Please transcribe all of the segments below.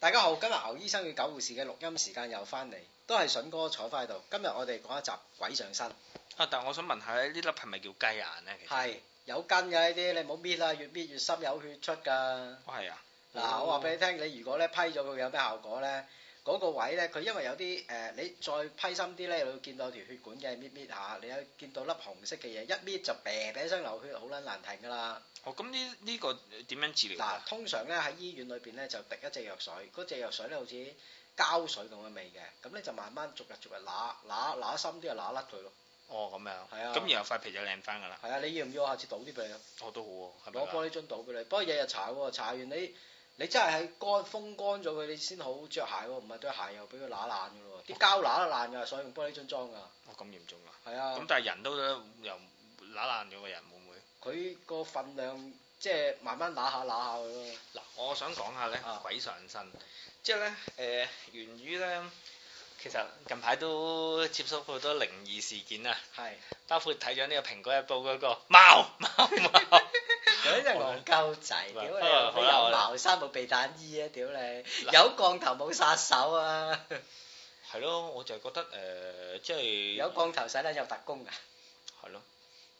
大家好，今日牛醫生與狗護士嘅錄音時間又翻嚟，都係筍哥坐翻喺度。今日我哋講一集鬼上身。啊，但係我想問下咧，呢粒係咪叫雞眼咧？其實係，有根嘅呢啲，你唔好搣啦，越搣越，越深，有血出噶。係啊。嗱，我話俾你聽，哦、你如果咧批咗佢，有咩效果咧？嗰、那個位咧，佢因為有啲誒、呃，你再批深啲咧，你會見到有條血管嘅搣搣下，你有見到粒紅色嘅嘢，一搣就啤嘭聲流血，好撚難停噶啦。哦，咁呢呢個點樣治療？嗱，通常咧喺醫院裏邊咧就滴一隻藥水，嗰隻藥水咧好似膠水咁嘅味嘅，咁咧就慢慢逐日逐日攣攣攣深啲就攣甩佢咯。哦，咁樣。係啊。咁然、啊、後塊皮就靚翻㗎啦。係啊，你要唔要我下次倒啲俾你啊？哦，都好喎、啊，攞玻璃樽倒俾你。不過日日搽喎，搽完你你真係喺乾風乾咗佢，你先好着鞋喎，唔係對鞋又俾佢攣爛㗎咯。啲膠攣都爛㗎，所以用玻璃樽裝㗎。哦。哦，咁嚴重啊？係啊。咁、 嗯、但係人都又攣爛咗個人。佢個份量即係慢慢攔下攔下嗱，我想講下咧鬼上身，即係咧誒源於咧，其實近排都接收好多靈異事件啊。係、呃，包括睇咗呢個《蘋果日報》嗰個貓貓貓，嗰啲真係戇鳩仔，屌你有茅山冇避彈衣啊！屌你有鋼頭冇殺手啊！係咯，我就係覺得誒，即係有鋼頭使人有特工㗎。係咯。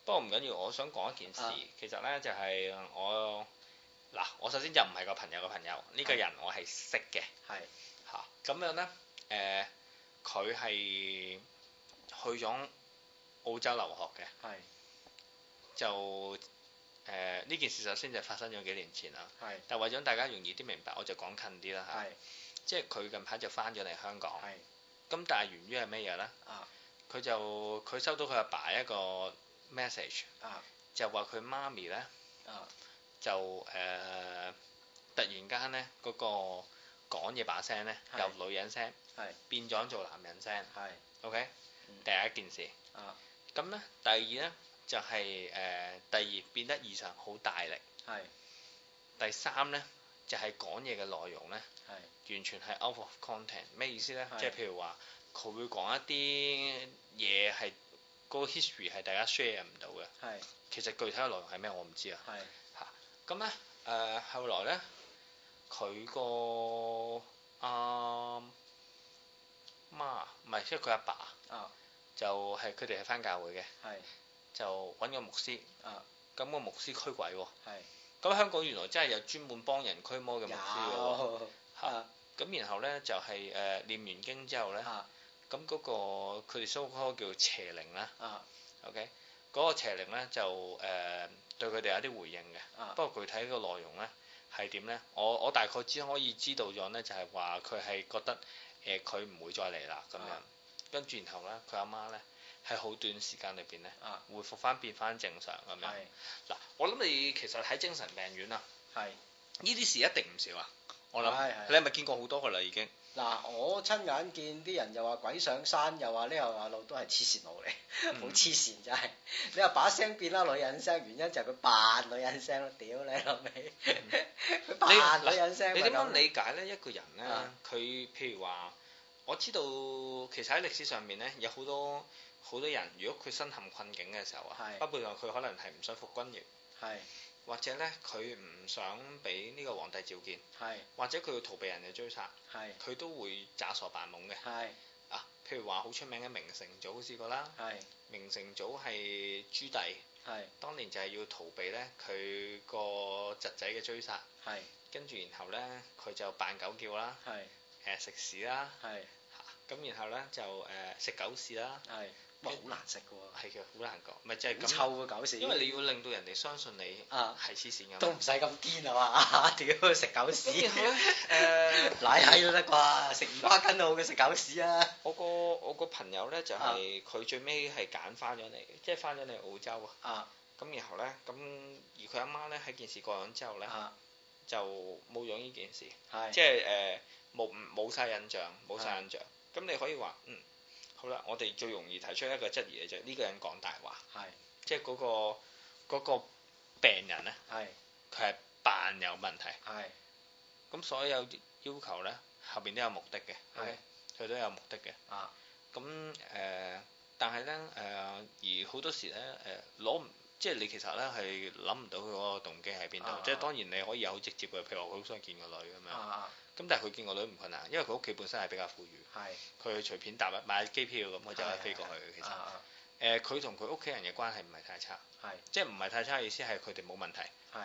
不過唔緊要，我想講一件事，啊、其實呢，就係、是、我嗱，我首先就唔係個朋友嘅朋友，呢、這個人我係識嘅，係嚇咁樣呢，誒、呃，佢係去咗澳洲留學嘅，係是就誒呢、呃、件事首先就發生咗幾年前啦，是但為咗大家容易啲明白，我就講近啲啦嚇，啊、是即係佢近排就翻咗嚟香港，咁是但係源於係咩嘢呢？佢、啊、就佢收到佢阿爸，爸一個。message 啊，就話佢媽咪咧，啊，就誒突然間咧嗰個講嘢把聲咧，由女人聲係變咗做男人聲係，OK，第一件事啊，咁咧第二咧就係誒第二變得異常好大力係，第三咧就係講嘢嘅內容咧係完全係 out of content 咩意思咧？即係譬如話佢會講一啲嘢係。個 history 係大家 share 唔到嘅，其實具體嘅內容係咩我唔知啊，嚇咁咧誒後來咧佢個阿媽唔係即係佢阿爸啊，就係佢哋係返教會嘅，就搵個牧師，咁個牧師驅鬼喎，咁香港原來真係有專門幫人驅魔嘅牧師嘅喎，嚇咁然後咧就係誒念完經之後咧。咁嗰個佢哋收開叫邪靈啦、啊、OK，嗰個邪靈咧就誒、呃、對佢哋有啲回應嘅，啊、不過具體個內容咧係點咧？我我大概只可以知道咗咧，就係話佢係覺得誒佢唔會再嚟啦咁樣，啊、跟住然後咧佢阿媽咧係好短時間裏邊咧回復翻變翻正常咁樣。嗱、啊是，我諗你其實喺精神病院啊，係呢啲事一定唔少啊，我諗你係咪見過好多㗎啦已經？嗱、啊，我親眼見啲人又話鬼上山，又話呢又話路都係黐線路嚟，好黐線真係。 嗯、 你話把聲變啦女人聲，原因就係佢扮女人聲咯，屌你老味！佢 扮女人聲。你你點樣理解呢？ 一個人呢，佢譬如話，我知道其實喺歷史上面呢，有好多好多人，如果佢身陷困境嘅時候啊，包括佢可能係唔想服軍役。係，或者咧佢唔想俾呢個皇帝召見，係，或者佢要逃避人嘅追殺，係，佢都會詐傻扮懵嘅，係，啊，譬如話好出名嘅明成祖試過啦，係，明成祖係朱棣，係，當年就係要逃避咧佢個侄仔嘅追殺，係，跟住然後咧佢就扮狗叫啦，係，誒食屎啦，係，咁然後咧就誒食狗屎啦，係。唔好難食嘅喎，係嘅，好難講，咪即係咁臭嘅狗屎。因為你要令到人哋相信你係黐線嘅，都唔使咁癲係嘛？屌食狗屎！誒，奶閪都得啩，食五花筋都好過食狗屎啊！我個我個朋友咧就係佢最尾係揀翻咗嚟，即係翻咗嚟澳洲啊。咁然後咧，咁而佢阿媽咧喺件事過咗之後咧，就冇講呢件事，即係誒冇唔冇曬印象，冇曬印象。咁你可以話嗯。好啦，我哋最容易提出一個質疑嘅就係、是、呢個人講大話，係是即係嗰、嗰個嗰個病人咧，係佢係扮有問題，係咁是所有要求咧後邊都有目的嘅，係、okay? 佢是都有目的嘅，啊咁誒、呃，但係咧誒，而好多時咧誒攞唔即係你其實咧係諗唔到佢嗰個動機喺邊度，啊、即係當然你可以有好直接嘅，譬如話佢好想見個女咁樣。啊啊。咁但係佢見個女唔困難，因為佢屋企本身係比較富裕，佢隨便搭買機票咁，佢就可以飛過去。其實，誒佢同佢屋企人嘅關係唔係太差，即係唔係太差意思係佢哋冇問題，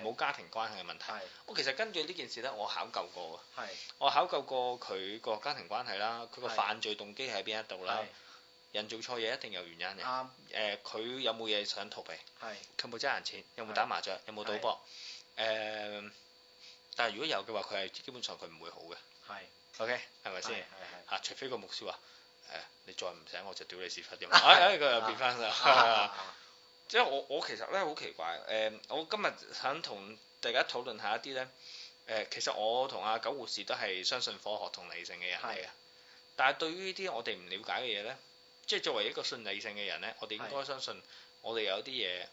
冇家庭關係嘅問題。我其實根據呢件事咧，我考究過㗎，我考究過佢個家庭關係啦，佢個犯罪動機係邊一度啦。人做錯嘢一定有原因嘅，誒佢有冇嘢想逃避？佢冇爭人錢，有冇打麻雀？有冇賭博？誒。但係如果有嘅話，佢係基本上佢唔會好嘅。係是，OK，係咪先？係係嚇，除非個牧師話，誒、呃，你再唔醒我就屌你屎忽咁。哎、啊、哎，佢又變返啦。即係我我其實咧好奇怪誒、呃，我今日想同大家討論下一啲咧誒，其實我同阿、啊、九護士都係相信科學同理性嘅人嚟嘅。是但係對於呢啲我哋唔了解嘅嘢咧，即係作為一個信理性嘅人咧，我哋應該相信我哋有啲嘢。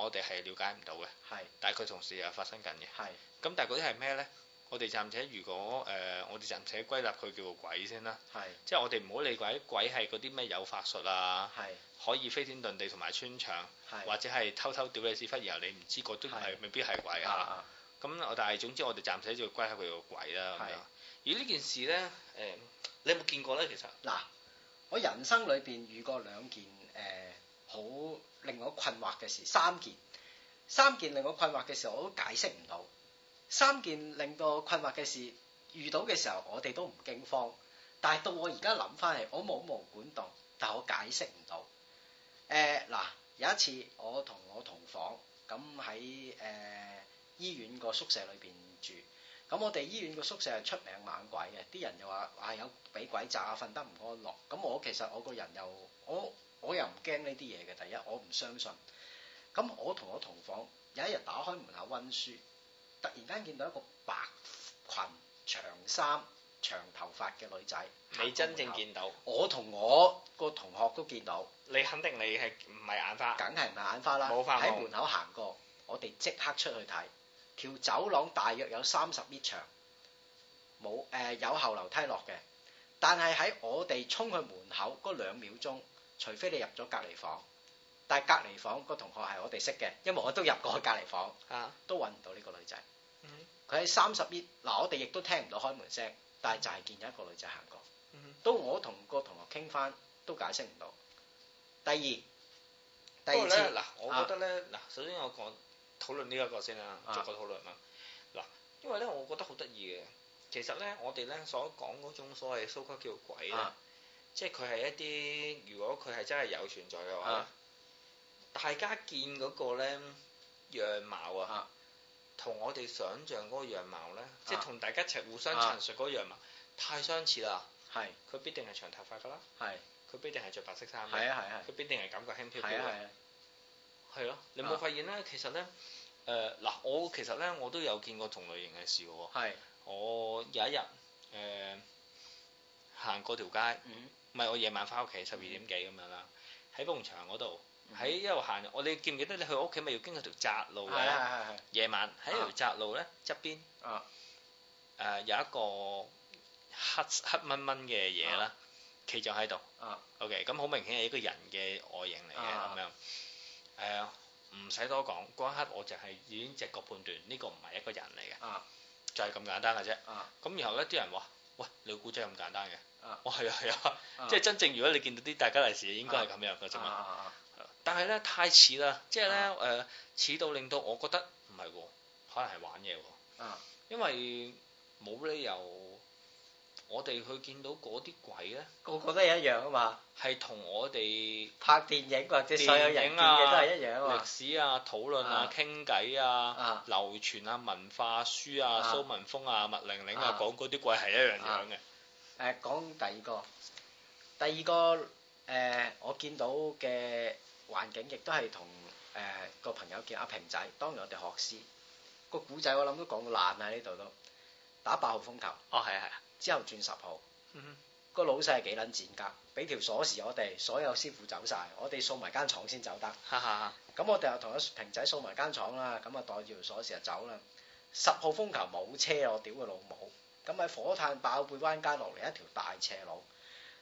我哋係了解唔到嘅，係，但佢同時又發生緊嘅，係，咁但係嗰啲係咩咧？我哋暫且，如果誒，我哋暫且歸納佢叫做鬼先啦，係，即係我哋唔好理鬼，鬼係嗰啲咩有法術啊，係，可以飛天遁地同埋穿牆，或者係偷偷屌你屎忽，然後你唔知，嗰啲都未必係鬼啊。咁但係總之我哋暫且就要歸喺佢個鬼啦，咁而呢件事咧，誒，你有冇見過咧？其實，嗱，我人生裏邊遇過兩件誒。好令我困惑嘅事，三件，三件令我困惑嘅事，我都解釋唔到。三件令到我困惑嘅事，遇到嘅時候我哋都唔驚慌，但係到我而家諗返嚟，我冇無，無毛管戙，但係我解釋唔到。誒、呃、嗱，有一次我同我同房，咁喺誒醫院個宿舍裏邊住，咁我哋醫院個宿舍係出名猛鬼嘅，啲人又話係有俾鬼炸，啊，瞓得唔安樂。咁我其實我個人又我。我又唔驚呢啲嘢嘅。第一，我唔相信。咁我同我同房有一日打開門口溫書，突然間見到一個白裙長衫長頭髮嘅女仔。你真正見到？我同我個同學都見到。你肯定你係唔係眼花？梗係唔係眼花啦！冇喺門口行過，我哋即刻出去睇。條走廊，大約有三十米長。冇誒、呃，有後樓梯落嘅，但係喺我哋衝去門口嗰兩秒鐘。除非你入咗隔離房，但係隔離房個同學係我哋識嘅。因為我都入過去隔離房，都揾唔到呢個女仔。佢喺三十頁，嗱，我哋亦都聽唔到開門聲，但係就係見咗一個女仔行過。嗯、哼都我同個同學傾翻，都解釋唔到。第二，第二次嗱，我覺得咧，嗱、啊，首先我講討論呢一個先啦，逐個討論啦。嗱，因為咧，我覺得好得意嘅，其實咧，我哋咧所講嗰種所謂蘇格叫鬼咧。啊即係佢係一啲，如果佢係真係有存在嘅話，大家見嗰個咧樣貌啊，同我哋想象嗰個樣貌咧，即係同大家一齊互相陳述嗰個樣貌，太相似啦。係，佢必定係長頭髮噶啦。係，佢必定係着白色衫。係啊係係，佢必定係感覺輕飄飄。係啊，係咯，你冇發現咧？其實咧，誒嗱，我其實咧我都有見過同類型嘅事喎。係。我有一日誒行過條街。唔係我夜晚翻屋企十二點幾咁樣啦，喺埲牆嗰度，喺一路行，我你記唔記得你去我屋企咪要經過條窄路嘅？係係係。夜晚喺條窄路咧側邊，啊，誒有一個黑黑蚊蚊嘅嘢啦，企咗喺度，啊，OK，咁好明顯係一個人嘅外形嚟嘅咁樣，誒唔使多講，嗰一刻我就係已經直覺判斷呢個唔係一個人嚟嘅，啊，就係咁簡單嘅啫，啊，咁然後咧啲人話，喂你估真係咁簡單嘅？啊！哦，係啊，係啊，即係真正如果你見到啲大家利是，應該係咁樣噶，仲啊！但係咧太似啦，即係咧誒似到令到我覺得唔係喎，可能係玩嘢喎。因為冇理由我哋去見到嗰啲鬼咧，我覺得係一樣啊嘛。係同我哋拍電影或者所有人見嘅都係一樣啊嘛。歷史啊、討論啊、傾偈啊、流傳啊、文化書啊、蘇文峰啊、麥玲玲啊，講嗰啲鬼係一樣樣嘅。誒講第二個，第二個誒、呃、我見到嘅環境亦都係同誒、呃、個朋友叫阿平仔，當年我哋學師個古仔我諗都講到爛啦。呢度都打八號風球，哦係係，之後轉十號，個、嗯、哼老細係幾撚賤格，俾條鎖匙我哋，所有師傅走晒，我哋掃埋間廠先走得，咁哈我哋又同阿平仔掃埋間廠啦，咁啊袋住條鎖匙就走啦，十號風球冇車我屌佢老母。咁喺火炭爆背灣街落嚟一條大斜路，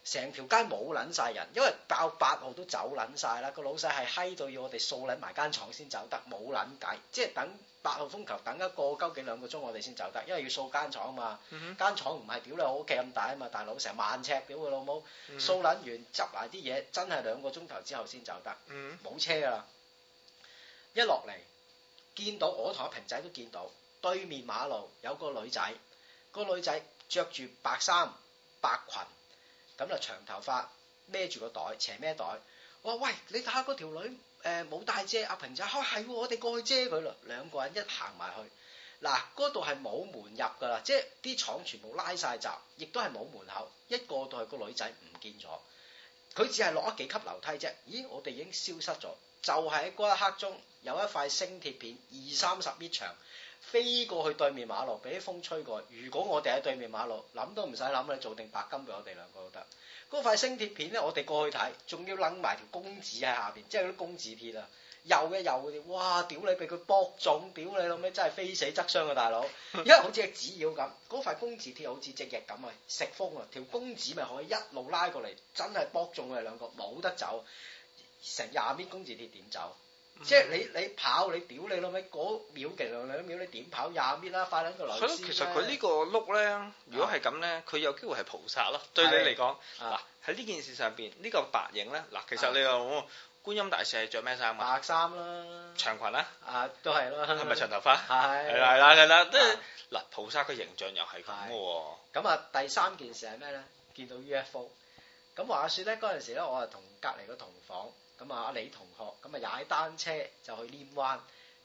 成條街冇撚晒人，因為爆八號都走撚晒啦。個老細係閪到要我哋掃撚埋間廠先走得，冇撚解，即係等八號風球等一個究竟兩個鐘我哋先走得，因為要掃間廠啊嘛。間、mm hmm. 廠唔係屌你屋企咁大啊嘛，大佬成萬尺屌佢老母掃撚完執埋啲嘢，真係兩個鐘頭之後先走得，冇車㗎啦。Mm hmm. 一落嚟見到我同阿平仔都見到對面馬路有個女仔。個女仔着住白衫白裙，咁就長頭髮，孭住個袋，斜孭袋。我話：喂，你睇下嗰條女，誒、呃、冇帶遮，阿平就：「哦係，我哋過去遮佢咯。兩個人一行埋去，嗱，嗰度係冇門入㗎啦，即係啲廠全部拉晒閘，亦都係冇門口。一過到去，個女仔唔見咗，佢只係落咗幾級樓梯啫。咦，我哋已經消失咗，就係喺嗰一刻中有一塊星鐵片二三十米長。飛過去對面馬路，俾啲風吹過。如果我哋喺對面馬路，諗都唔使諗，你做定白金俾我哋兩個都得。嗰塊星鐵片咧，我哋過去睇，仲要擸埋條公字喺下邊，即係啲公字鐵啊，遊一遊嗰啲，哇！屌你，俾佢搏中，屌你，老咩？真係非死則傷嘅大佬， 因為好似隻紙鷂咁，嗰塊公字鐵好似隻翼咁啊，食風啊，條公字咪可以一路拉過嚟，真係搏中佢哋兩個，冇得走，成廿米公字鐵點走？即係你你跑你屌你老味嗰秒幾兩秒你點跑廿米啦，快到一個老師咧。係其實佢呢個碌咧，如果係咁咧，佢有機會係菩薩咯。對你嚟講，嗱喺呢件事上邊，呢個白影咧，嗱其實你話我觀音大士係着咩衫啊？白衫啦。長裙啊？啊，都係咯。係咪長頭髮？係。係啦係啦，即係嗱菩薩嘅形象又係咁嘅喎。咁啊第三件事係咩咧？見到 UFO。咁話説咧，嗰陣時咧，我係同隔離個同房。咁啊，阿李同學咁啊踩單車就去稔灣，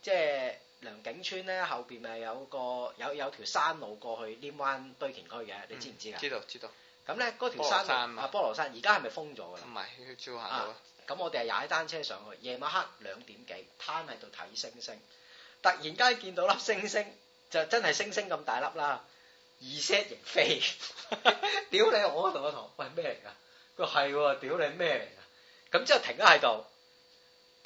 即係良景村咧，後邊咪有個有有條山路過去稔灣堆填區嘅，你知唔知噶？知道知道。咁咧嗰條山路啊，菠蘿山而家係咪封咗㗎喇？唔係，佢照行到。咁我哋係踩單車上去，夜晚黑兩點幾，攤喺度睇星星，突然間見到粒星星，就真係星星咁大粒啦，而石亦飛，屌你，我同我同學，喂，咩嚟㗎？佢係喎，屌你咩嚟㗎？咁之後停咗喺度，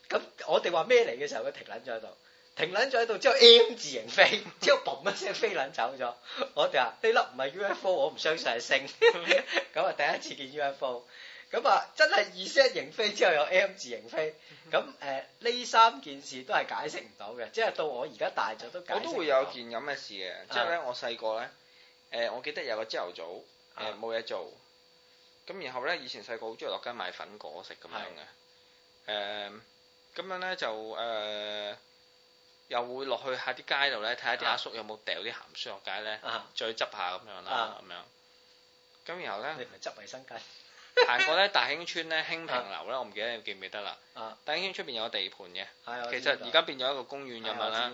咁我哋話咩嚟嘅時候，佢停撚咗喺度，停撚咗喺度之後 M 字形飛，之後嘣一聲飛撚走咗。 我哋話呢粒唔係 UFO，我唔相信係星。咁 啊第一次見 UFO，咁啊真係 E 字形飛之後有 M 字形飛，咁誒呢三件事都係解釋唔到嘅。即係到我而家大咗都解釋唔到。我都會有件咁嘅事嘅，即係咧我細個咧，誒、呃、我記得有個朝頭早誒冇嘢做。咁然後咧，以前細個好中意落街買粉果食咁樣嘅，誒，咁樣咧就誒，又會落去下啲街度咧，睇下啲阿叔有冇掉啲鹹酸落街咧，再執下咁樣啦，咁樣。咁然後咧，你唔係執衞生巾？行過咧大興村咧興平樓咧，我唔記得你記唔記得啦。啊！大興村出邊有個地盤嘅，其實而家變咗一個公園咁樣啦。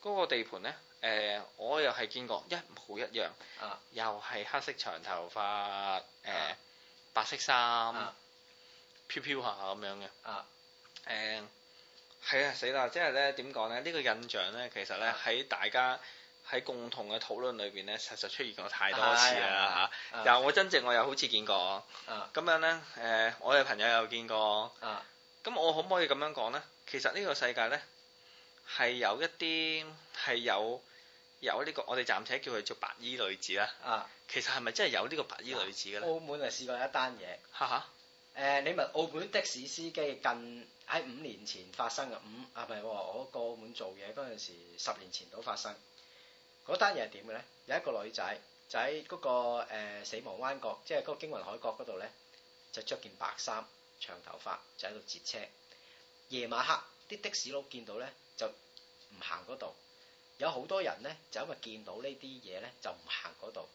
嗰個地盤咧，誒，我又係見過一模一樣，又係黑色長頭髮，誒。白色衫，啊、飄飄下咁樣嘅，誒、啊，係、嗯、啊死啦！即係咧點講咧？呢、呢個印象咧，其實咧喺、啊、大家喺共同嘅討論裏邊咧，實實出現過太多次啦嚇，但又我真正我又好似見過，咁、啊、樣咧誒、呃，我嘅朋友又見過，咁、啊嗯、我可唔可以咁樣講咧？其實呢、呢個世界咧係有一啲係有。有呢個，我哋暫且叫佢做白衣女子啦。啊，其實係咪真係有呢個白衣女子嘅咧？澳門啊，試過一單嘢。哈哈！誒、呃，你問澳門的士司機近喺五年前發生嘅五啊，唔係、我過澳門做嘢嗰陣時，十年前都發生。嗰單嘢係點嘅咧？有一個女仔就喺嗰個、誒、死亡灣角，即係嗰個驚魂海角嗰度咧，就着件白衫、長頭髮，就喺度截車。夜晚黑啲的士佬見到咧，就唔行嗰度。有好多人咧，就因為見到呢啲嘢咧，就唔行嗰度。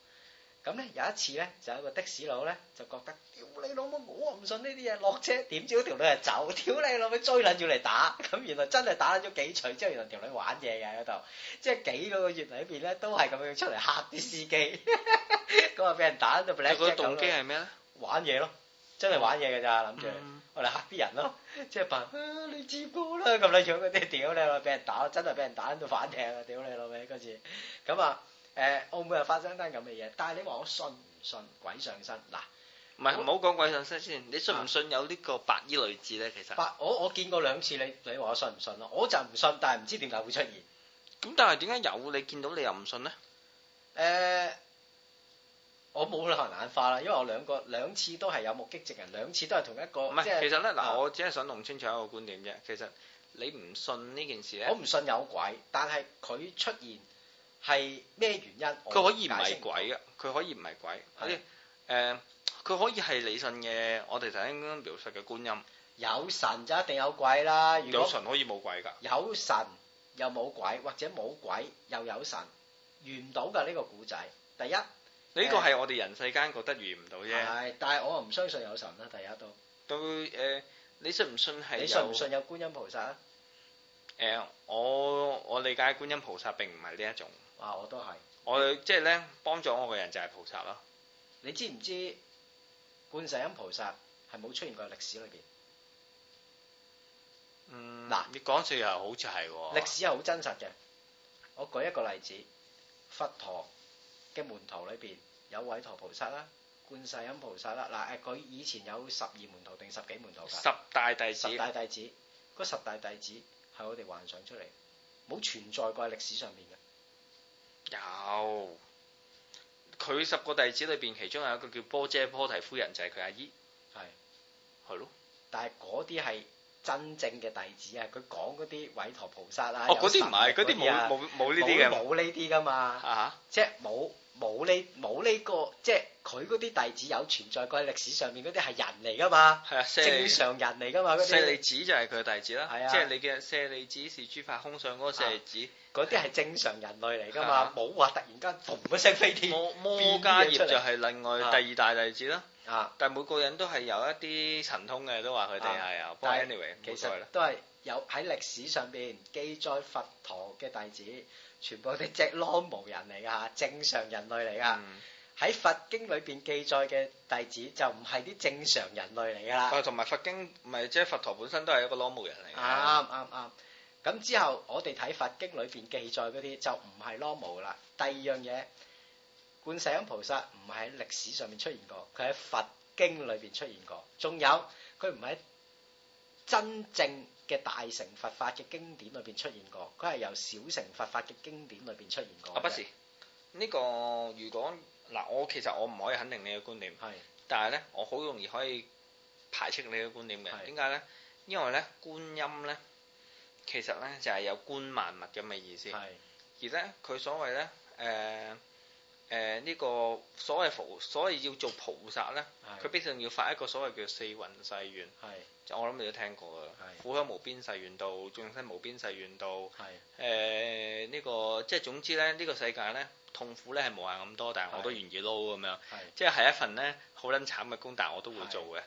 咁咧，有一次咧，就有一個的士佬咧，就覺得屌你老母，我唔信呢啲嘢，落車。點知條女又走，屌你老母追撚住嚟打。咁原來真係打咗幾錘，之後原來條女玩嘢嘅嗰度，即係幾個月裏邊咧都係咁樣出嚟嚇啲司機。咁啊，俾人打到俾甩隻手。佢嘅動機係咩咧？玩嘢咯。真係玩嘢㗎咋，諗住我哋吓啲人咯，啊、即係扮、啊、你自我啦咁你樣嗰啲，屌你啦俾人打，真係俾人打到反艇啊，屌你老味嗰次。咁啊，誒澳門又發生單咁嘅嘢，但係你話我信唔信鬼上身？嗱，唔係唔好講鬼上身先，你信唔信有呢個白衣女子咧？其實，白我我見過兩次，你你話我信唔信咯？我就唔信，但係唔知點解會出現。咁但係點解有你見到你又唔信咧？誒、呃。我冇可能眼花啦，因為我兩個兩次都係有目擊證人，兩次都係同一個。唔係是，是其實咧嗱，嗯、我只係想弄清楚一個觀點啫。其實你唔信呢件事咧，我唔信有鬼，但係佢出現係咩原因？佢可以唔係鬼噶，佢可以唔係鬼，鬼。啲誒的，佢、呃、可以係你信嘅，我哋頭先描述嘅觀音有神就一定有鬼啦。有神可以冇鬼噶，有神又冇鬼，或者冇鬼又有神，完唔到噶呢個故仔。第一。第一呢個係我哋人世間覺得遇唔到啫，係但係我唔相信有神啦、啊，第一都都誒，你信唔信係？你信唔信有觀音菩薩啊？誒、嗯，我我理解觀音菩薩並唔係呢一種。啊，我都係。我即係咧，幫助我嘅人就係菩薩咯。你知唔知觀世音菩薩係冇出現過歷史裏邊？嗯。嗱來，你講住又好似係喎。歷史係好真實嘅。我舉一個例子，佛陀。嘅門徒裏邊有韋馱菩薩啦、觀世音菩薩啦。嗱，誒，佢以前有十二門徒定十幾門徒噶？十大弟子。十大弟子，嗰十大弟子係我哋幻想出嚟，冇存在過喺歷史上面嘅。有。佢十個弟子裏邊，其中有一個叫波闍波提夫人，就係佢阿姨。係。係咯。但係嗰啲係真正嘅弟子啊！佢講嗰啲韋馱菩薩啦。哦，嗰啲唔係，嗰啲冇冇冇呢啲嘅。冇呢啲噶嘛？即係冇。冇呢冇呢個，即係佢嗰啲弟子有存在過喺歷史上面嗰啲係人嚟噶嘛？係啊，正常人嚟噶嘛？嗰啲舍利子就係佢弟子啦。係啊，即係你嘅舍利子是諸法空上嗰個舍利子，嗰啲係正常人類嚟噶嘛？冇話、啊、突然間逢一聲飛天。魔魔迦就係另外第二大弟子啦。啊！但每個人都係有一啲神通嘅，都話佢哋係啊。but anyway, 但其係 anyway，其實都係有喺歷史上邊記載佛陀嘅弟子。全部都係囉毛人嚟噶，正常人類嚟噶。喺佛經裏邊記載嘅弟子就唔係啲正常人類嚟噶。啊，同埋佛經咪即係佛陀本身都係一個囉毛人嚟嘅。啱啱啱。咁之後我哋睇佛經裏邊記載嗰啲就唔係囉毛啦。第二樣嘢，觀世音菩薩唔係喺歷史上面出現過，佢喺佛經裏邊出現過。仲有佢唔係喺真正嘅大乘佛法嘅經典裏邊出現過，佢係由小乘佛法嘅經典裏邊出現過。啊，不是？呢個如果嗱，我其實我唔可以肯定你嘅觀點。係。但係咧，我好容易可以排斥你嘅觀點嘅。點解咧？因為咧，觀音咧，其實咧就係有觀萬物咁嘅意思。係。而咧，佢所謂咧，誒。誒呢、呃這個所謂所謂要做菩薩呢，佢是必定要發一個所謂叫四弘誓願，就是我諗你都聽過㗎。是苦向無邊誓願度，眾生無邊誓願度。誒呢是、呃這個即係總之呢，呢、這個世界呢，痛苦呢係無限咁多，但係我都願意撈咁是樣，是即係係一份呢好撚慘嘅工，但係我都會做嘅。是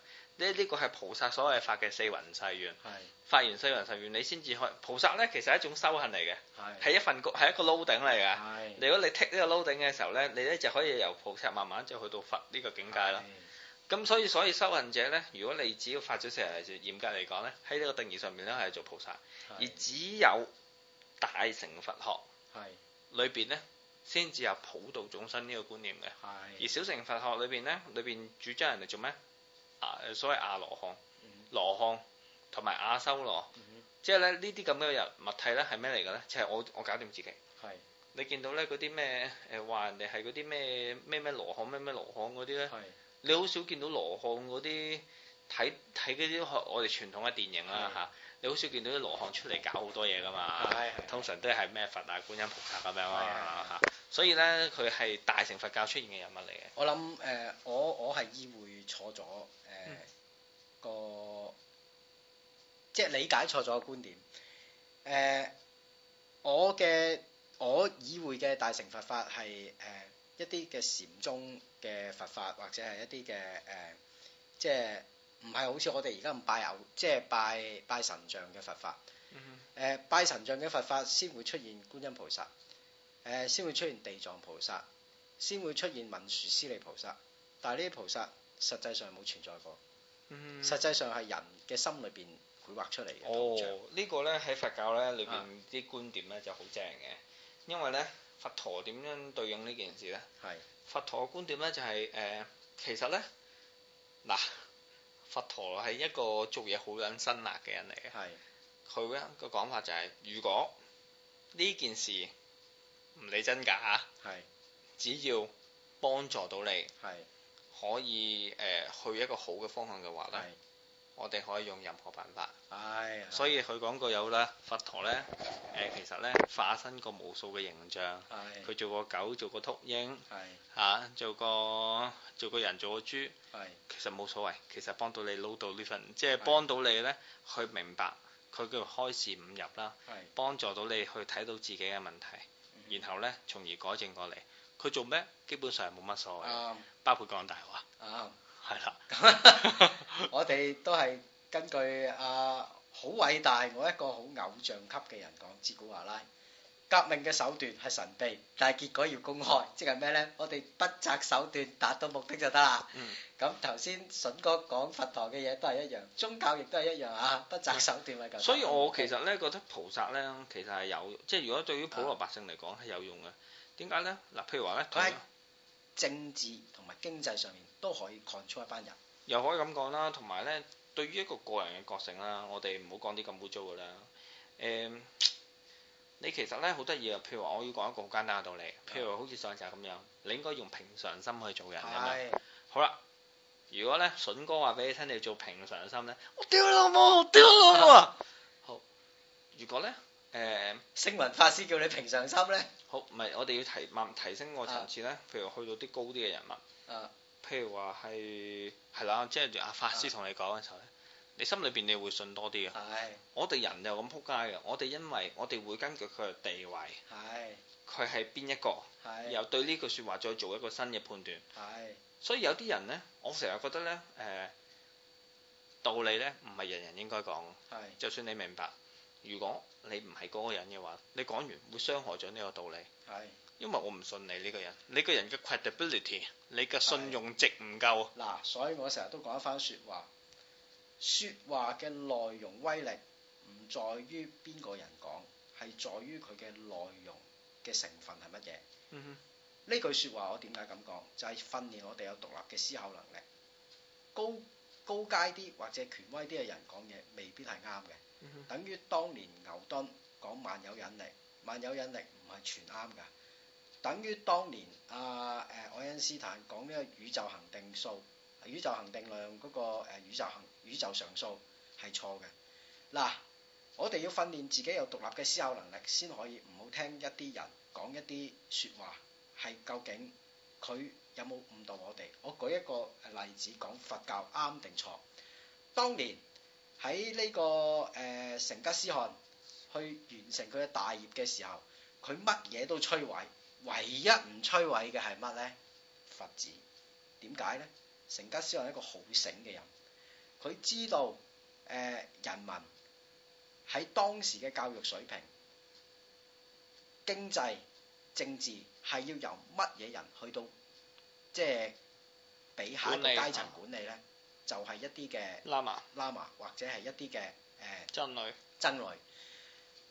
呢個係菩薩所謂發嘅四雲誓願，發是完四雲誓願你先至可以。菩薩呢，其實係一種修行嚟嘅，係是一份局係一個撈頂嚟嘅。你是如果你剔呢個撈頂嘅時候呢，你呢就可以由菩薩慢慢就去到佛呢個境界啦。咁是所以所以修行者呢，如果你只要發咗四雲誓願，嚴格嚟講呢，喺呢個定義上面呢，係做菩薩，是而只有大乘佛學裏邊呢，先至有普度眾生呢個觀念嘅。是而小乘佛學裏邊呢，裏邊主張人嚟做咩？啊，所謂阿羅漢、羅漢同埋阿修羅，嗯、哼即係咧呢啲咁嘅人物體咧係咩嚟嘅咧？即、就、係、是、我我搞掂自己。係是你見到咧嗰啲咩誒話人哋係嗰啲咩咩咩羅漢咩咩羅漢嗰啲咧？係是你好少見到羅漢嗰啲睇睇嗰啲我哋傳統嘅電影啦嚇的、啊，你好少見到啲羅漢出嚟搞好多嘢噶嘛，嗯嗯嗯、 通常都係咩佛啊、觀音菩薩咁樣咯嚇。的 所以咧，佢係大乘佛教出現嘅人物嚟嘅、呃。我諗誒，我我係意會錯咗誒個，即係理解錯咗個觀點。誒、呃，我嘅我意會嘅大乘佛法係誒、呃、一啲嘅禪宗嘅佛法，或者係一啲嘅誒，即係唔係好似我哋而家咁拜偶，即係拜拜神像嘅佛法。誒，拜神像嘅佛法先、嗯哼 呃、會出現觀音菩薩。先會出現地藏菩薩，先會出現文殊師利菩薩，但係呢啲菩薩實際上冇存在過，嗯、實際上係人嘅心裏邊繪畫出嚟嘅圖像呢個呢，喺佛教呢裏邊啲觀點呢就好正嘅，因為呢，佛陀點樣對應呢件事呢？係是佛陀嘅觀點呢就係、是、誒、呃，其實呢，嗱，佛陀係一個做嘢好忍辛辣嘅人嚟嘅，係佢呢個講法就係、是，如果呢件事，唔理真假，係只要幫助到你，係可以誒去一個好嘅方向嘅話咧，的我哋可以用任何辦法，係的，所以佢講過有咧，佛陀咧誒，其實咧化身過無數嘅形象，係的，佢做個狗，做個禿鷹，係的，吓、啊、做個做個人，做個豬，係的，其實冇所謂，其實幫到你撈到呢份，即係幫到你咧的去明白佢叫開示五入啦，係，幫助到你去睇到自己嘅問題。然後咧，從而改正過嚟。佢做咩？基本上係冇乜所謂，um, 包括講大話啊，係啦。我哋都係根據啊，好、uh, 偉大，我一個好偶像級嘅人講，哲古華拉。革命嘅手段係神秘，但係結果要公開，即係咩呢？我哋不擇手段達到目的就得啦。咁頭先筍哥講佛堂嘅嘢都係一樣，宗教亦都係一樣啊，不擇手段係咁、嗯。所以我其實咧覺得菩薩咧其實係有，即係如果對於普羅百姓嚟講係有用嘅。點解呢？嗱、啊，譬如話咧，喺政治同埋經濟上面都可以擴充一班人。又可以咁講啦，同埋咧，對於一個個人嘅覺性啦，我哋唔好講啲咁污糟嘅啦。誒、嗯。你其實咧好得意啊，譬如話我要講一個好簡單嘅道理，譬如好似上次咁樣，你應該用平常心去做人，係對。好啦，如果咧筍哥話俾你聽，你要做平常心咧，我屌老母，我屌老母啊！好，如果咧誒星雲法師叫你平常心咧、啊，好，唔係、呃、我哋要提問提升個層次咧，譬如去到啲高啲嘅人物，啊、譬如話係係啦，即係阿法師同你講嘅時候咧。啊你心裏邊你會信多啲嘅是，我哋人又咁撲街嘅，我哋因為我哋會根據佢嘅地位，佢係邊一個，又是對呢句説話再做一個新嘅判斷，是所以有啲人呢，我成日覺得呢誒、呃、道理呢唔係人人應該講，是就算你明白，如果你唔係嗰個人嘅話，你講完會傷害咗呢個道理，是因為我唔信你呢個人，你個人嘅 credibility，你嘅信用值唔夠，嗱，所以我成日都講一番説話。説話嘅內容威力唔在於邊個人講，係在於佢嘅內容嘅成分係乜嘢。呢、嗯、哼句説話我點解咁講？就係訓練我哋有獨立嘅思考能力。高高階啲或者權威啲嘅人講嘢，未必係啱嘅。嗯、哼等於當年牛頓講萬有引力，萬有引力唔係全啱㗎。等於當年阿誒愛因斯坦講呢個宇宙恆定數、宇宙恆定量嗰、那個、呃、宇宙恆。宇宙常數係錯嘅。嗱，我哋要訓練自己有獨立嘅思考能力，先可以唔好聽一啲人講一啲説話，係究竟佢有冇誤導我哋？我舉一個例子講佛教啱定錯。當年喺呢、這個誒、呃、成吉思汗去完成佢嘅大業嘅時候，佢乜嘢都摧毀，唯一唔摧毀嘅係乜呢？佛字點解呢？成吉思汗係一個好醒嘅人。佢知道，誒、呃、人民喺當時嘅教育水平、經濟、政治係要由乜嘢人去到，即係俾下一個階層管理咧，管理就係一啲嘅喇嘛、喇嘛或者係一啲嘅誒僧侶、僧、呃、侶。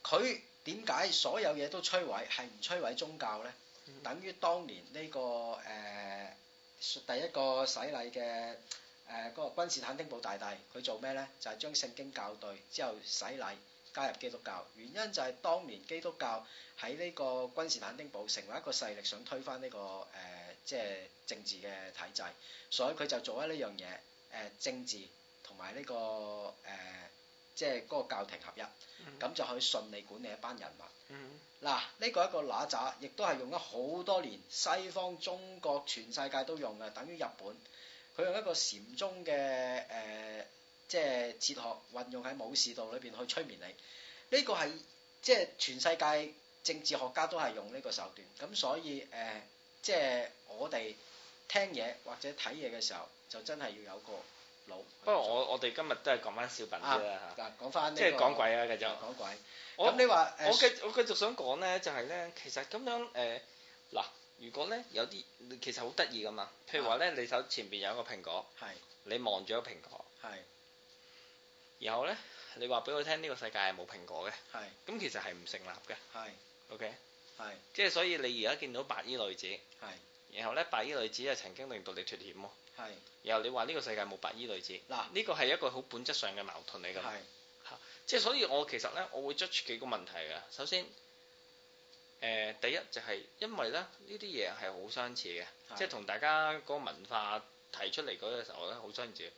佢點解所有嘢都摧毀係唔摧毀宗教咧？嗯、等於當年呢、這個誒、呃、第一個洗禮嘅。誒嗰、呃這個君士坦丁堡大帝，佢做咩咧？就係將聖經校對之後洗禮，洗禮加入基督教。原因就係當年基督教喺呢個君士坦丁堡成為一個勢力，想推翻呢、這個誒、呃、即係政治嘅體制，所以佢就做咗呢樣嘢。誒、呃、政治同埋呢個誒、呃、即係嗰個教廷合一，咁就可以順利管理一班人民。嗱、mm，呢、hmm. 呃這個一個拿擲，亦都係用咗好多年，西方、中國、全世界都用嘅，等於日本。佢用一個禪宗嘅誒、呃，即係哲學運用喺武士道裏邊去催眠你。呢、這個係即係全世界政治學家都係用呢個手段。咁、嗯、所以誒、呃，即係我哋聽嘢或者睇嘢嘅時候，就真係要有個腦。不過我我哋今日都係講翻小品啲啦嚇。嗱、啊，講翻、啊這個、即係講鬼啊，繼續。講鬼。咁你話？我繼我繼續想講咧，就係、是、咧，其實咁樣誒嗱。呃如果咧有啲，其實好得意噶嘛。譬如話咧，你手前邊有一個蘋果，你望住個蘋果，然後咧你話俾我聽呢個世界係冇蘋果嘅，咁其實係唔成立嘅。OK，即係所以你而家見到白衣女子，然後咧白衣女子咧曾經令到你脫險，然後你話呢個世界冇白衣女子，嗱呢個係一個好本質上嘅矛盾嚟㗎。即係所以我其實咧我會 judge 幾個問題嘅，首先。誒、呃，第一就係因為咧，呢啲嘢係好相似嘅，是的 即係同大家個文化提出嚟嗰個時候咧，好相似。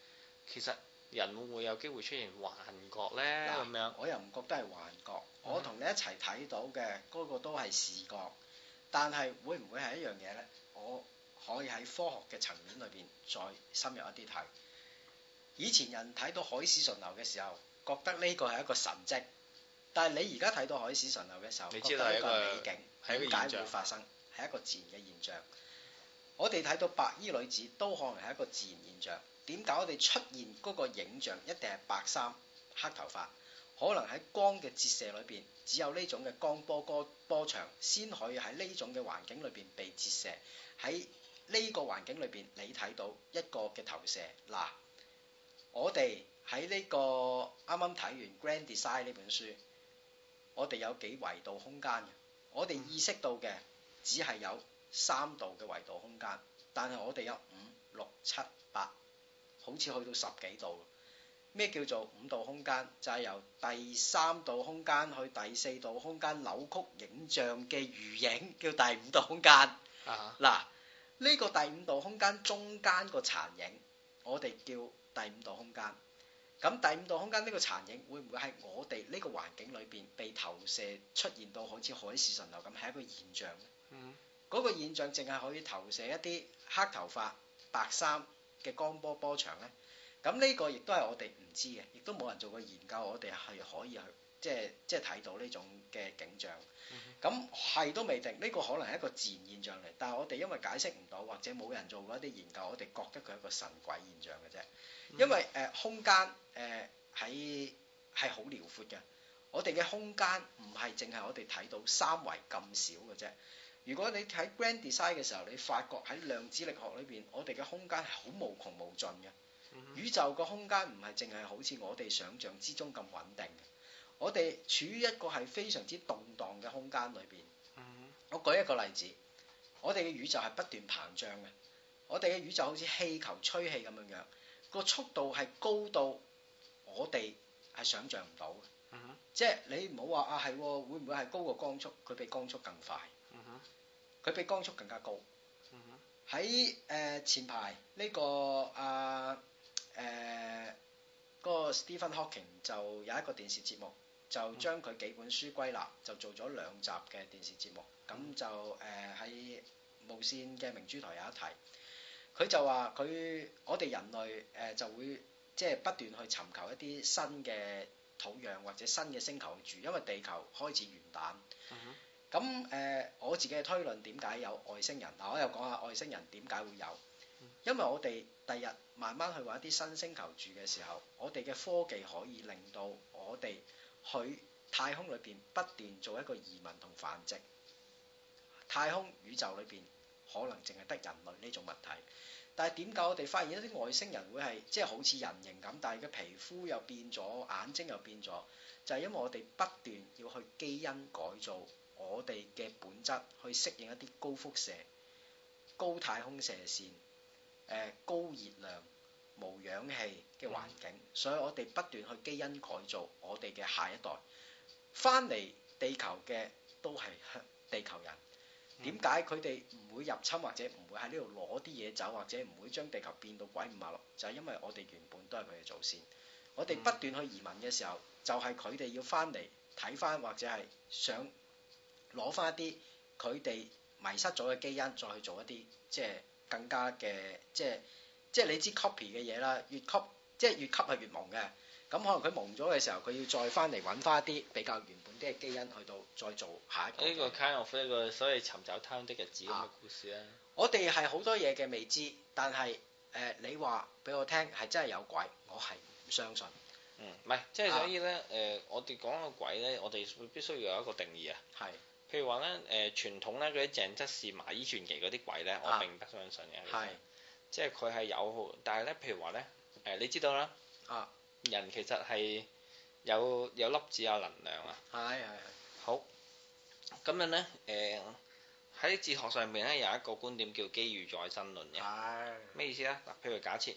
其實人會唔會有機會出現幻覺呢？咁樣喏我又唔覺得係幻覺，我同你一齊睇到嘅嗰、嗰個都係視覺，但係會唔會係一樣嘢呢？我可以喺科學嘅層面裏邊再深入一啲睇。以前人睇到海市蜃樓嘅時候，覺得呢個係一個神跡。但係你而家睇到海市蜃樓嘅時候，覺得係一個美景，點解會發生？係一個自然嘅現象。我哋睇到白衣女子都可能係一個自然現象。點解我哋出現嗰個影像一定係白衫、黑頭髮？可能喺光嘅折射裏邊，只有呢種嘅光波波波長先可以喺呢種嘅環境裏邊被折射。喺呢個環境裏邊，你睇到一個嘅投射。嗱，我哋喺呢個啱啱睇完《Grand Design》呢本書。我哋有幾維度空間嘅？我哋意識到嘅只係有三度嘅維度空間，但係我哋有五六七八，好似去到十幾度。咩叫做五度空間？就係、是、由第三度空間去第四度空間扭曲影像嘅餘影，叫第五度空間。嗱、uh，呢、huh，個第五度空間中間個殘影，我哋叫第五度空間。咁第五度空間呢個殘影會唔會喺我哋呢個環境裏邊被投射出現到好似海市蜃樓咁，係一個現象？嗰、嗯、個現象淨係可以投射一啲黑頭髮、白衫嘅光波波長咧。咁呢個亦都係我哋唔知嘅，亦都冇人做過研究。我哋係可以去即係即係睇到呢種嘅景象。嗯咁係都未定，呢個可能係一個自然現象嚟，但係我哋因為解釋唔到或者冇人做過一啲研究，我哋覺得佢係一個神鬼現象嘅啫。因為誒、呃、空間誒喺係好遼闊嘅，我哋嘅空間唔係淨係我哋睇到三維咁少嘅啫。如果你喺 Grand Design 嘅時候，你發覺喺量子力學裏邊，我哋嘅空間係好無窮無盡嘅。宇宙個空間唔係淨係好似我哋想象之中咁穩定嘅。我哋處於一個係非常之動盪嘅空間裏邊，mm。Hmm. 我舉一個例子，我哋嘅宇宙係不斷膨脹嘅。我哋嘅宇宙好似氣球吹氣咁樣樣，個速度係高到我哋係想象唔到嘅。Mm hmm. 即係你唔好話啊，係會唔會係高過光速？佢比光速更快。佢、mm hmm. 比光速更加高。喺誒、mm hmm. 呃、前排呢、呢個啊誒嗰、呃嗰個 Stephen Hawking 就有一個電視節目。就將佢幾本書歸納，就做咗兩集嘅電視節目。咁就誒喺、呃、無線嘅明珠台有得睇。佢就話：佢我哋人類誒、呃、就會即係、就是、不斷去尋求一啲新嘅土壤或者新嘅星球住，因為地球開始完蛋。咁誒、嗯哼呃，我自己嘅推論點解有外星人？嗱，我又講下外星人點解會有，因為我哋第日慢慢去揾一啲新星球住嘅時候，我哋嘅科技可以令到我哋。去太空裏邊不斷做一個移民同繁殖，太空宇宙裏邊可能淨係得人類呢種物體，但係點解我哋發現一啲外星人會係即係好似人形咁，但係個皮膚又變咗，眼睛又變咗，就係、是、因為我哋不斷要去基因改造我哋嘅本質，去適應一啲高輻射、高太空射線、誒高熱量、無氧氣嘅環境，嗯、所以我哋不斷去基因改造我哋嘅下一代，翻嚟地球嘅都係地球人。點解佢哋唔會入侵或者唔會喺呢度攞啲嘢走，或者唔會將地球變到鬼五馬六？就係、是、因為我哋原本都係佢哋祖先。嗯、我哋不斷去移民嘅時候，就係佢哋要翻嚟睇翻，或者係想攞翻一啲佢哋迷失咗嘅基因，再去做一啲即係更加嘅即係即係你知 copy 嘅嘢啦，越 copy。即係越吸係越忙嘅。咁可能佢矇咗嘅時候，佢要再翻嚟揾翻啲比較原本啲嘅基因去到再做下一個。呢個《卡洛菲》個所謂尋找 kids，啊《他的日子咁嘅故事啊，我哋係好多嘢嘅未知，但係誒、呃，你話俾我聽係真係有鬼，我係唔相信。嗯，唔係即係所以咧誒、啊呃，我哋講個鬼咧，我哋必須要有一個定義啊。係是。譬如話咧誒，傳統咧嗰啲鄭則仕麻衣傳奇嗰啲鬼咧，我並不相信嘅。係、啊是。即係佢係有，好，但係咧，譬如話咧。誒，你知道啦，啊，人其實係有有粒子有能量啊，係係係，好咁樣咧，誒喺哲學上面咧有一個觀點叫機遇在爭論嘅，係咩意思咧？嗱，譬如假設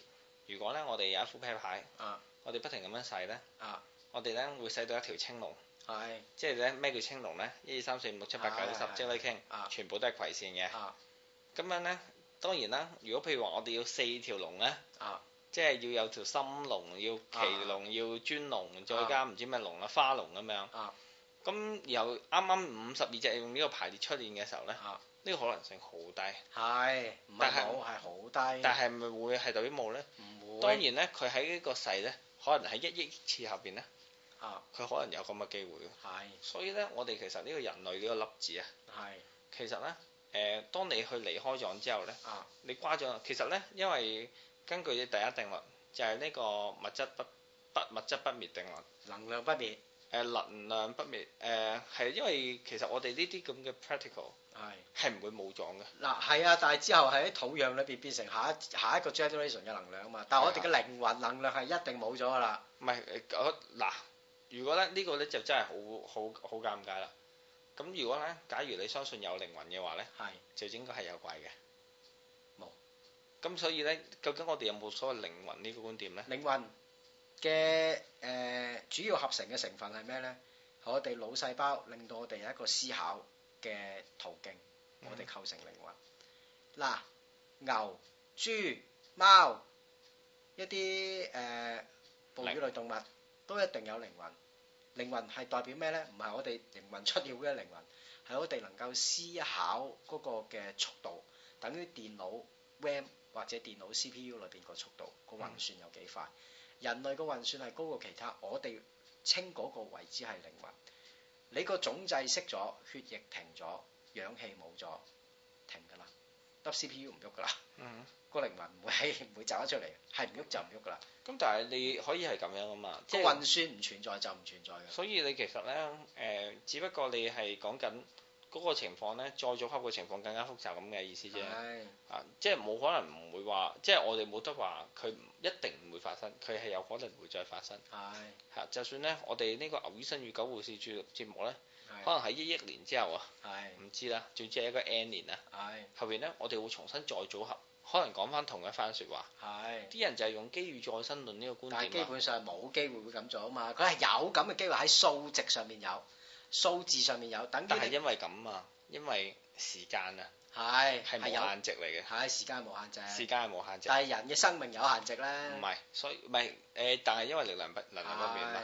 如果咧我哋有一副牌，啊，我哋不停咁樣洗咧，啊，我哋咧會洗到一條青龍，係，即係咧咩叫青龍咧？一、二、三、四、五、六、七、八、九、十，即係傾，全部都係葵線嘅，啊，咁樣咧當然啦，如果譬如話我哋要四條龍咧，啊。即係要有條心龍，要奇龍，要尊龍，再加唔知咩龍啦，花龍咁樣。啊！咁由啱啱五十二隻用呢個排列出現嘅時候咧，啊！呢個可能性好低。係，但係唔係冇，係好低。但係咪會係代表冇咧？唔會。唔會。當然咧，佢喺呢個世咧，可能喺一億次後邊咧，啊！佢可能有咁嘅機會㗎。係。所以咧，我哋其、這個、其實呢個人類呢個粒子啊，係。其實咧，誒，當你去離開咗之後咧，啊！你瓜咗，其實咧，因為。根據第一定律，就係、是、呢個物質不不物質不滅定律，能量不滅。誒、呃，能量不滅，誒、呃、係因為其實我哋呢啲咁嘅 practical 係係唔是會冇咗嘅。嗱係啊，啊，但係之後喺土壤裏邊變成下一下一個 generation 嘅能量啊嘛。但係我哋嘅靈魂能量係一定冇咗噶啦。唔係嗱，如果咧呢、這個咧就真係好好好尷尬啦。咁如果咧，假如你相信有靈魂嘅話咧，係是就應該係有鬼嘅。咁所以咧，究竟我哋有冇所謂靈魂呢個觀點咧？靈魂嘅誒主要合成嘅成分係咩咧？係我哋腦細胞令到我哋有一個思考嘅途徑，我哋構成靈魂。嗱，牛、豬、貓一啲誒哺乳類動物都一定有靈魂。靈魂係代表咩咧？唔係我哋靈魂出竅嘅靈魂，係我哋能夠思考嗰個嘅速度，等於電腦 RAM。或者電腦 C P U 裏邊個速度個、嗯、運算有幾快？人類個運算係高過其他，我哋稱嗰個位置係靈魂。你個總掣熄咗，血液停咗，氧氣冇咗，停㗎啦，得 C P U 唔喐㗎啦，嗯、個靈魂唔會喺唔會走得出嚟，係唔喐就唔喐㗎啦。咁、嗯嗯嗯、但係你可以係咁樣㗎嘛？即係運算唔存在就唔存在㗎。所以你其實咧，誒、呃，只不過你係講緊。嗰個情況咧，再組合嘅情況更加複雜咁嘅意思啫，是的 啊，即係冇可能唔會話，即係我哋冇得話佢一定唔會發生，佢係有可能會再發生，係嚇是的、啊，就算咧，我哋呢個《牛醫生與狗護士》節節目咧，是的 可能喺一億年之後啊，唔是的 知啦，總之係一個 N 年啊，是的 後邊咧，我哋會重新再組合，可能講翻同一番説話，係啲是的 人就係用機遇再生論呢個觀點基本上冇機會會咁做啊嘛，佢係有咁嘅機會喺數值上面有。數字上面有，等於、這個，但係因為咁啊，因為時間啊，係係無限值嚟嘅，係時間係無限值，時間係無限值，但係人嘅生命有限值啦，唔係，所以唔係，誒、呃，但係因為力量不，能是量方面嘛，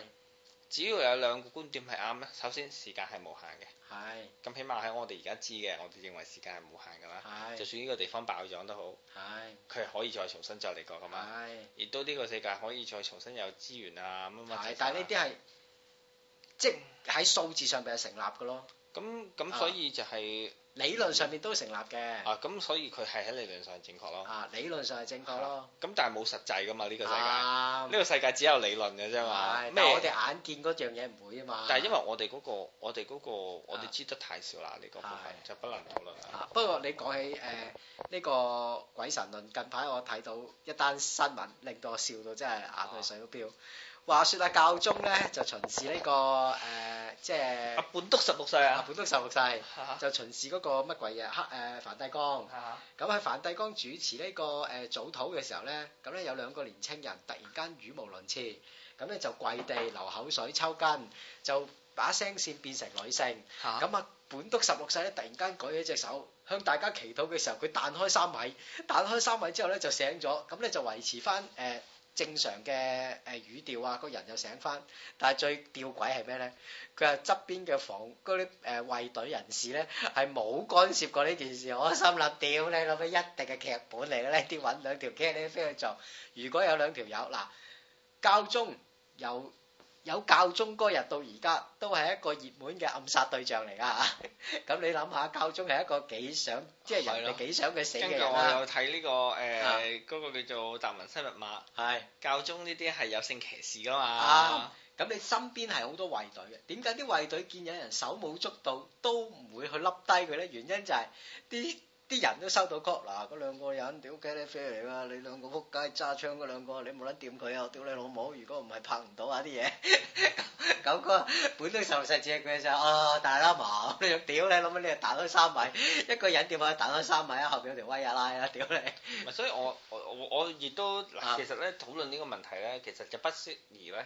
只要有兩個觀點係啱咧，首先時間係無限嘅，係是，咁起碼喺我哋而家知嘅，我哋認為時間係無限㗎啦，是就算呢個地方爆炸都好，係是，佢係可以再重新再嚟過㗎嘛，係是，亦都呢個世界可以再重新有資源啊乜乜，係、啊，但係呢啲係。即喺數字上邊係成立嘅咯。咁咁所以就係理論上面都成立嘅。啊，咁所以佢係喺理論上正確咯。啊，理論上係正確咯。咁但係冇實際噶嘛？呢個世界，呢個世界只有理論嘅啫嘛。咩？我哋眼見嗰樣嘢唔會啊嘛。但係因為我哋嗰個，我哋嗰個，我哋知得太少啦呢個部分，就不能討論啦。啊，不過你講起誒呢個鬼神論，近排我睇到一單新聞，令到我笑到真係眼淚水都飆。話説啊，教宗咧就巡視呢、這個誒、呃，即係本篤十六世啊，本篤十六世就巡視嗰個乜鬼嘢、啊、黑、呃、誒梵蒂岡。咁喺、啊、梵蒂岡主持呢、這個誒早禱嘅時候咧，咁咧有兩個年青人突然間語無倫次，咁咧就跪地流口水抽筋，就把聲線變成女性。咁啊，本篤十六世咧突然間舉起隻手，向大家祈禱嘅時候，佢彈開三米，彈開三米之後咧就醒咗，咁咧就維持翻誒。呃呃正常嘅誒語調啊，個人又醒翻，但係最吊詭係咩咧？佢話側邊嘅防嗰啲誒衛隊人士咧係冇干涉過呢件事，我心諗，屌你老母一定嘅劇本嚟㗎咧，啲搵兩條雞咧飛去做，如果有兩條友嗱，交中有。有教宗嗰日到而家，都係一個熱門嘅暗殺對象嚟㗎嚇。咁 你諗下，教宗係一個幾想，的即係人哋幾想嘅死人、啊、我有睇呢、這個誒，嗰、呃啊、個叫做達文西密碼。係的教宗呢啲係有性歧視㗎嘛？咁、啊、你身邊係好多衛隊嘅，點解啲衛隊見有人手舞足蹈都唔會去笠低佢咧？原因就係、是、啲。啲人都收到 call 嗱，嗰兩個人，屌雞啲飛嚟㗎，你兩個撲街揸槍嗰兩個，你冇得掂佢啊！我屌你老母，如果唔係拍唔到啊啲嘢，九哥本都受曬只命就啊大媽，你仲屌你，諗緊你又彈開三米，一個人掂我彈開三米啊，後邊有條威亞拉啊，屌你！所以我我我我亦都嗱，其實咧討論呢個問題咧，其實就不適宜咧。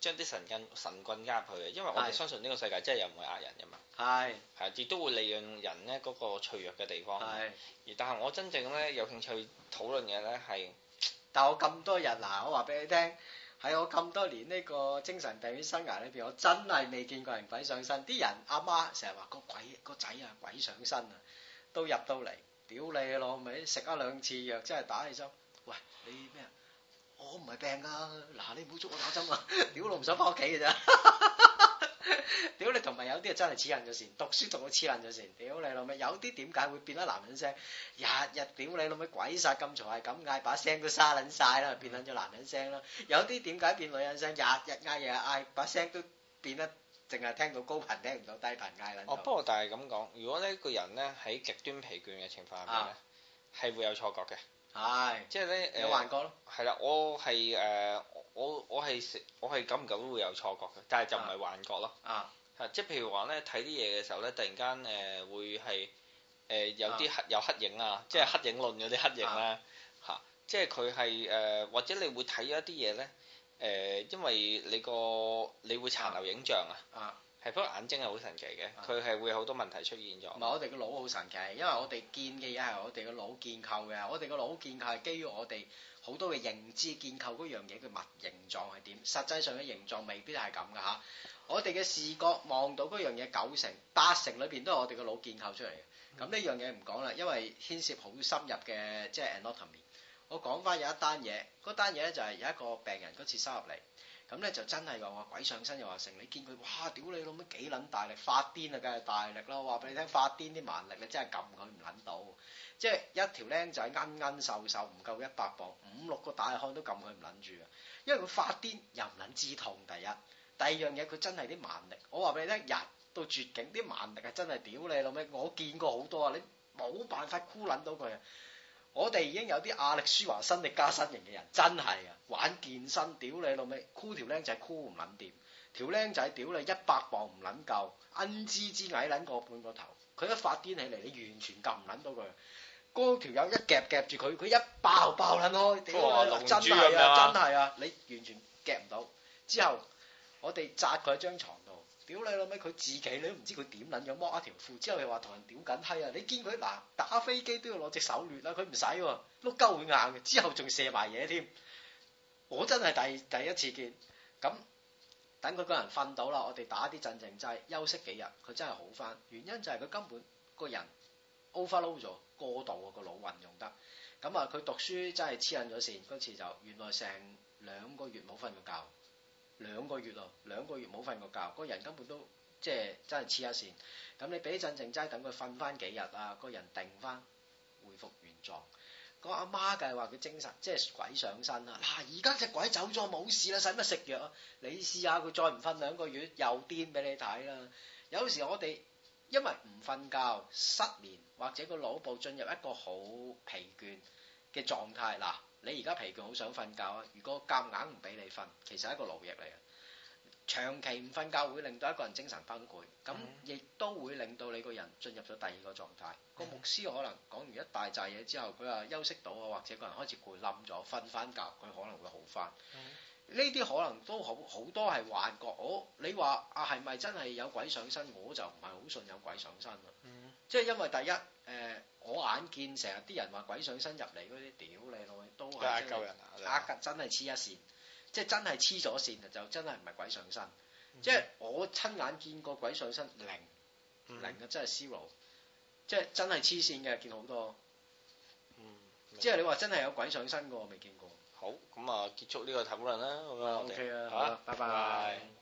將啲神，神棍神棍呃佢嘅，因為我哋相信呢個世界真係又唔會呃人噶嘛，係係亦都會利用人咧嗰個脆弱嘅地方。係是，而但係我真正咧有興趣討論嘅咧係，但我咁多日嗱，我話俾你聽喺我咁多年呢個精神病院生涯裏邊，我真係未見過人鬼上身。啲人阿媽成日話個鬼個仔啊鬼上身啊，都入到嚟，屌你咯，咪食咗兩次藥，真係打起身。喂，你咩？我唔係病噶，嗱你唔好捉我打針啊！屌， 屌你，唔想翻屋企嘅啫，屌你同埋有啲真係黐撚咗線，讀書同我黐撚咗線，屌你老味，有啲點解會變得男人聲？日日屌你老味鬼殺咁嘈，係咁嗌把聲都沙撚晒啦，變捻咗男人聲啦。有啲點解變女人聲？日日嗌夜嗌把聲都變得淨係聽到高頻，聽唔到低頻嗌撚。哦，不過但係咁講，如果呢個人咧喺極端疲倦嘅情況下面咧，係會有錯覺嘅。啊係，即係咧誒，呃、幻覺咯，係啦、啊，我係誒、呃，我我係我係久唔久都會有錯覺嘅，但係就唔係幻覺咯。啊、啊，即係譬如話咧，睇啲嘢嘅時候咧，突然間誒、呃、會係誒、呃、有啲黑有黑影啊，即係黑影論嗰啲黑影咧、啊、嚇、啊啊，即係佢係誒，或者你會睇咗一啲嘢咧誒，因為你個你會殘留影像啊。啊啊不過眼睛係好神奇嘅，佢係、啊、會好多問題出現咗。唔係我哋個腦好神奇，因為我哋見嘅嘢係我哋個腦建構嘅，我哋個腦建構係基於我哋好多嘅認知建構嗰樣嘢，嘅物形狀係點，實際上嘅形狀未必係咁嘅嚇。我哋嘅視覺望到嗰樣嘢九成八成裏邊都係我哋個腦建構出嚟嘅。咁呢樣嘢唔講啦，因為牽涉好深入嘅即係 anatomy。就是、an omy，我講翻有一單嘢，嗰單嘢咧就係有一個病人嗰次收入嚟。咁咧就真係話我鬼上身又，又話成你見佢哇！屌你老妹幾撚大力，發癲啊，梗係大力啦！話俾你聽，發癲啲蠻力你真係撳佢唔撚到，即係一條僆仔奀奀瘦瘦，唔夠一百磅，五六個大漢都撳佢唔撚住啊！因為佢發癲又唔撚知痛，第一，第二樣嘢佢真係啲蠻力，我話俾你聽，人到絕境啲蠻力係真係屌你老妹，我見過好多啊，你冇辦法箍撚到佢啊！我哋已經有啲阿力舒華新力加身型嘅人，真係啊！玩健身，屌你老味，箍條靚仔箍唔撚掂，條靚仔屌你一百磅唔撚夠，恩知知矮撚過半個頭，佢一發癲起嚟，你完全夾唔撚到佢。嗰條友一夾夾住佢，佢一爆爆撚開，真係啊！哦！真係啊！你完全夾唔到。之後我哋紮佢張床。屌你老味，佢自己你都唔知佢點撚樣剝一條褲，之後又話同人屌緊閪啊！你見佢嗱打飛機都要攞隻手攣啦，佢唔使碌鳩硬嘅，之後仲射埋嘢添。我真係第第一次見。咁等佢個人瞓到啦，我哋打啲鎮靜劑，休息幾日，佢真係好返。原因就係佢根本個人 overload 咗，過度啊個腦運用得。咁啊，佢讀書真係黐撚咗線，嗰次就原來成兩個月冇瞓過覺。兩個月咯、啊，兩個月冇瞓過覺，個人根本都即係真係黐一線。咁你俾啲鎮靜劑等佢瞓翻幾日啊，個人定翻，恢復原狀。個阿媽梗係話佢精神即係鬼上身啊。嗱、啊，而家隻鬼走咗冇事啦，使乜食藥啊？你試下佢再唔瞓兩個月又癲俾你睇啦、啊。有時我哋因為唔瞓覺失眠或者個腦部進入一個好疲倦嘅狀態嗱。你而家疲倦，好想瞓覺啊！如果夾硬唔俾你瞓，其實係一個勞役嚟嘅。長期唔瞓覺會令到一個人精神崩潰，咁亦、嗯、都會令到你個人進入咗第二個狀態。嗯、個牧師可能講完一大扎嘢之後，佢話休息到啊，或者個人開始攰冧咗，瞓翻覺佢可能會好翻。呢啲、嗯、可能都好好多係幻覺。哦，你話啊係咪真係有鬼上身？我就唔係好信有鬼上身啦。嗯即係因為第一，誒、呃，我眼見成日啲人話鬼上身入嚟嗰啲，屌你老味，都係救人啊！格真係黐一線，即係真係黐咗線啊！就真係唔係鬼上身。嗯、哼即係我親眼見過鬼上身零零啊，真係 zero，、嗯、哼即係真係黐線嘅，見好多。嗯。即係你話真係有鬼上身嘅，我未見過。好，咁啊，結束呢個討論啦。咁啊，我哋嚇，好好拜拜。